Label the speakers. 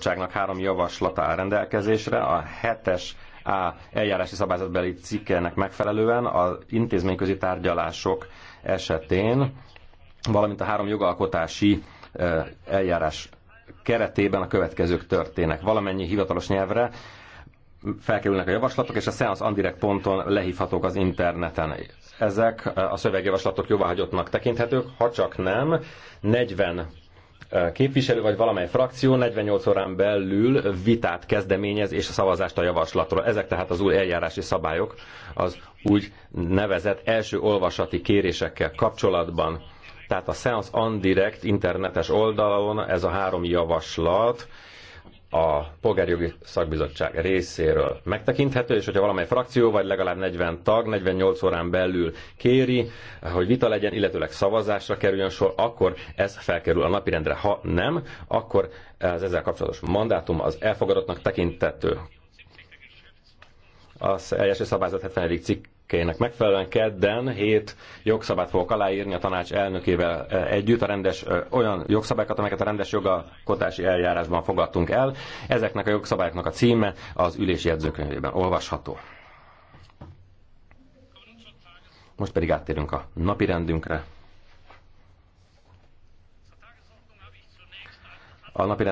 Speaker 1: bizottságnak három javaslata áll rendelkezésre. A hetes a eljárási szabályzatbeli cikkelnek megfelelően az intézményközi tárgyalások esetén, valamint a három jogalkotási eljárás keretében a következők történnek. Valamennyi hivatalos nyelvre felkerülnek a javaslatok, és a Seance Andirect ponton lehívhatók az interneten. Ezek a szövegjavaslatok jóváhagyottnak tekinthetők, ha csak nem 40 képviselő vagy valamely frakció 48 órán belül vitát kezdeményez és a szavazást a javaslatról. Ezek tehát az új eljárási szabályok az úgy nevezett első olvasati kérésekkel kapcsolatban. Tehát a Seance on Direct internetes oldalon ez a három javaslat a polgárjogi szakbizottság részéről megtekinthető, és hogyha valamely frakció, vagy legalább 40 tag 48 órán belül kéri, hogy vita legyen, illetőleg szavazásra kerüljön sor, akkor ez felkerül a napirendre. Ha nem, akkor az ezzel kapcsolatos mandátum az elfogadottnak tekintető. Az első szabályzat 70. cikk érdekeinek megfelelően kedden hét jogszabát fogok aláírni a tanács elnökével e, együtt, a rendes, e, olyan jogszabályokat, amelyeket a rendes jogalkotási eljárásban fogadtunk el. Ezeknek a jogszabályoknak a címe az ülési jegyzőkönyvében olvasható. Most pedig áttérünk a napi rendünkre. A napi